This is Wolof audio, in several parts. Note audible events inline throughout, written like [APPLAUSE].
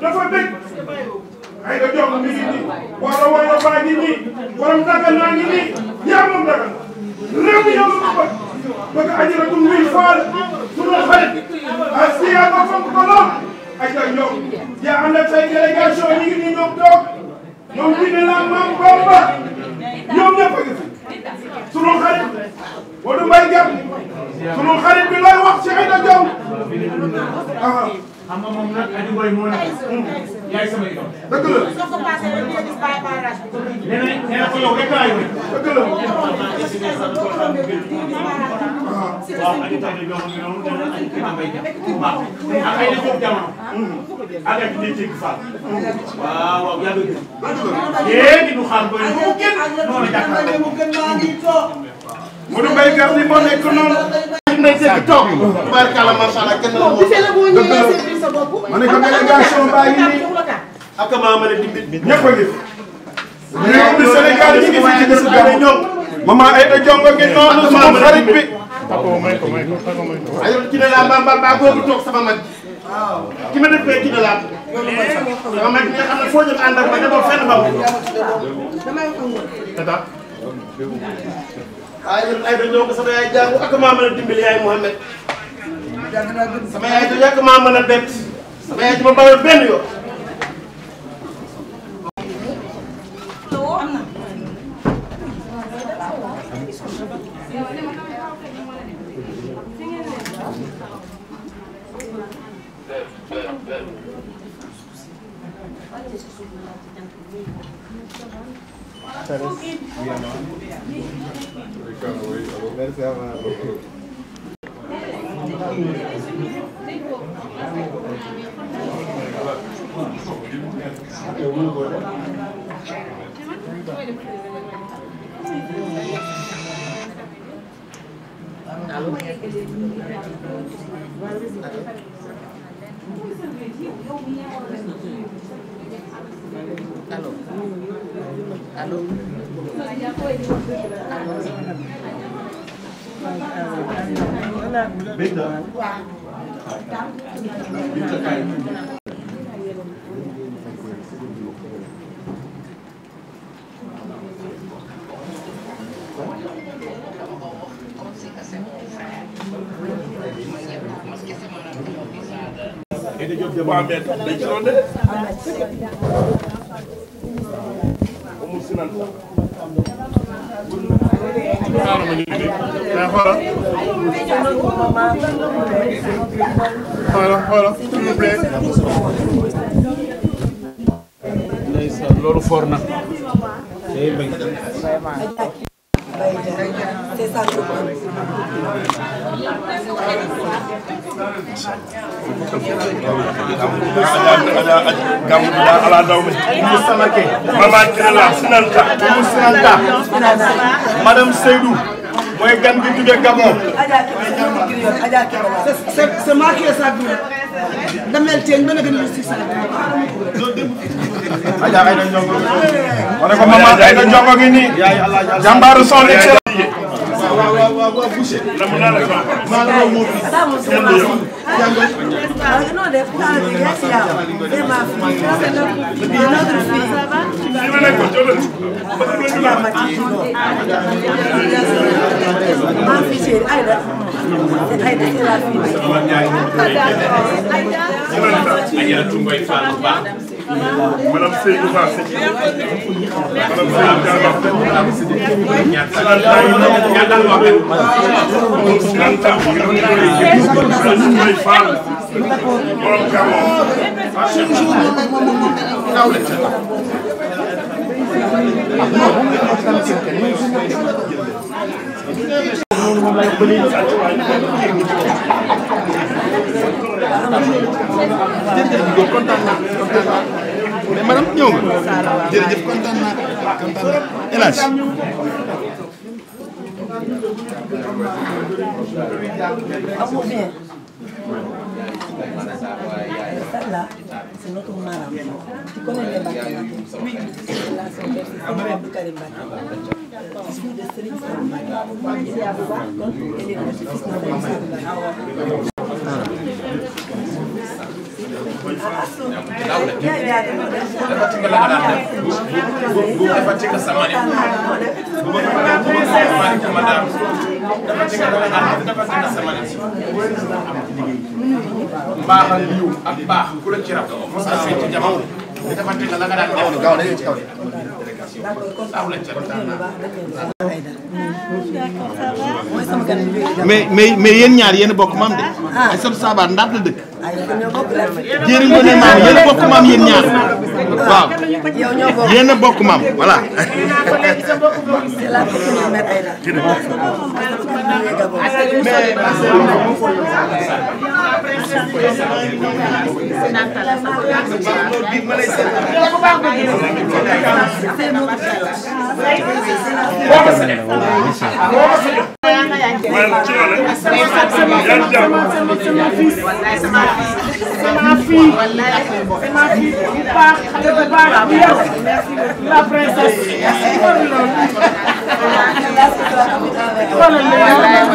dafa dëj ay da jox mi ngi nii baa ngi nii borom dagal naa ngi nii yaa moom dagal réew mi yow ma bëgg bëgg ajaratu muy faal sunu xarit asiya ba fonk ko lool ñoom yaa ànd ak say délégation ñu ngi nii yaay sama idoom. dëgg la soo ko passé rek nga gis bàyyi barrage bi. nee na nee na ko yow rek laay wéy. dëgg la boo ko rombee gis gis barrage bi. waaw baa ngi nii ak maa mën a dimbali ñëpp a ngi fi. réew mi Sénégal ñu ngi fi ci bisu gàmmu ñoom. maman Aida Diongue ngi noonu sama xarit bi. aywa ci ne laa ba ba ba googu toog sama mag. ki ma def fee ci ne laa. sama mag nga xam ne foo jëm ànd ak ma demoo fenn ba wu. tata. aywa Aida Diongue sama yaay jàngu ak maa mën a dimbali yaay Mouhamed. sama yaay jooju ak maa mën a bett. sama yaay dama bàyyi benn yoon. Merci. yow mën koo def allo allo allo. Binta. Binta kay. waaw mais dañ ci doon de. amul si nan sax. xaaral ma nit ñi mais xoolal. xoolal xoolal s'il vous plaît. loolu for Baye Diagne c'est ça le problème. ala dawmi musamake mama kirala sinanta mu sinanta madame Seydou mooy gan gi jóge Gabon c'est marqué ça damel teen ba naka ni si saa aja ay da jongo wala ko mama ay da jongo gi ni jàmbaaru son excellent waaw waaw waaw boucher la mo na la ko ma la mo fi deputada de Gracia, tema africana y otro film. Maa fi chéri Aïda Aïda Aïda fi. Aïda Toumbay Fall bu baax. madame Seydou Fassé madame Seydou Diallo ñaata la wax borom Gabon. ndaw lañ seetlu ak kontaan naa kontaan naa mais madame ñëw nga jërëjëf kontaan naa kontaan naa El Hadj. amoo celle-là, c'est notre maram. Tu connais les Bakina Oui. Celle-là, c'est le Karim Bakina. Fille de Sering Sarim C'est à Bouba, donc elle est petit-fils de Sering Sarim Dapatika samani. Dapatika samani. Madame. mbaaxal yiw ak baax mais mais ñaar yéen bokk maam de. ah Aïssatou Sabar Ndar la jéeri ngoone maam yéen a bokk maam yéen ñaar [LAUGHS] waaw ci yow la. sama sama sama fils. sama fille. sama fille bu baax xale bu baax bu yar la princesse. xoolal loolu. xoolal loolu.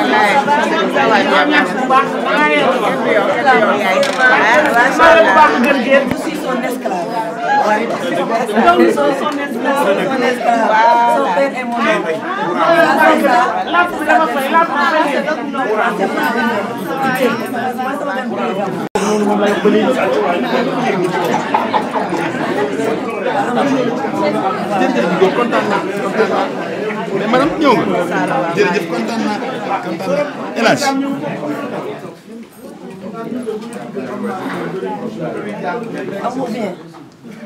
bu baax. Comme son esclave, mon esclave. Son père est mon mais madame ñëw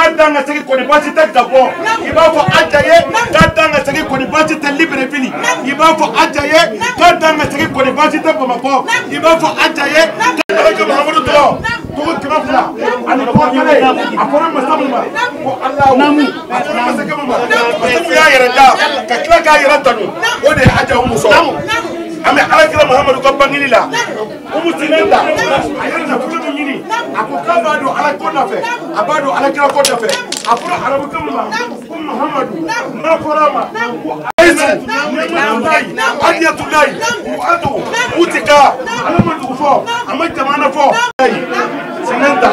k'a dan ka segin kɔni baasi tɛ gabɔ i b'a fɔ aja ye k'a dan ka segin kɔni baasi tɛ libreville i b'a fɔ aja ye k'a dan ka segin kɔni baasi tɛ bamakɔ i b'a fɔ aja ye k'a kɛ mahamudu dɔrɔn togo kɛmɛ fila ani kɔ kelen a fɔra masa min ma ko alamu a fɔra masakɛ min ma masakɛ y'a yɛrɛ da ka tila k'a yɛrɛ tanu o de ye aja o muso an bɛ alakira mahamadu ka bangeli la o muso in ta a yɛrɛ nafolo a ko k'a ala ko nɔfɛ a b'a don alakira ko nɔfɛ a fɔra arabukan ma ko muhamadu n'a fɔra a ma ko ayisu ɲɛmɔgɔlayi aliyatulayi u ato u ti ka ala ma dugu fɔ a ma jamana fɔ. sinanta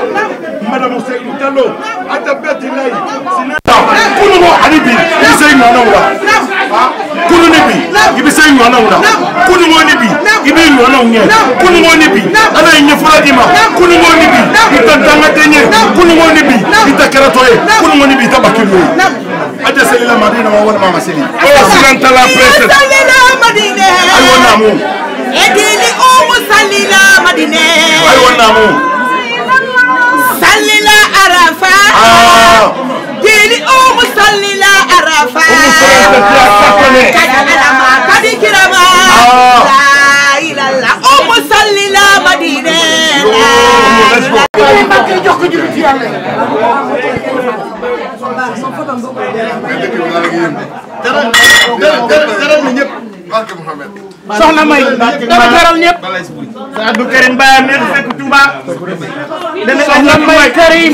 madamu seyidu jalo a tɛ bɛɛ ti layi sinanta kununko ani bi i se ɲɔgɔnnaw la. 꾸누네비 이비 사인 원하구나 꾸누원이비 이비 a 꾸누원이비 하나 있냐 포라디마 꾸누원이비 일단 땅아 떼냐 꾸누원이비 이따 캐라토에 꾸누원이비 이따 바뀌고 aja selila madina wa wala mama seli o oh, silanta la presse salila madina ay wona mo edini o salila madina ay wona mo salila arafa ah dili o salila عرفا قد علم قد كرما لا إله إلا أم صلي لا مدينة soxna May dama teral ñëpp. Abdou Karim Ba mi fekk Touba. soxna May Karim.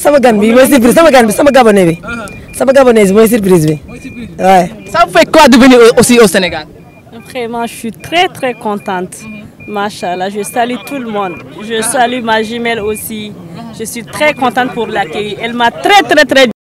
sama gan bi mooy surprise sama gan bi sama gabonais bi uh-huh. sama gabonaise bi mooy surprise bi waaye. ça vous fait quoi de aussi au Sénégal. vraiment je suis très très contente. Uh-huh. Machallah, je salue tout le monde. Je salue ma jumelle aussi. Je suis très contente pour l'accueil. Elle m'a très très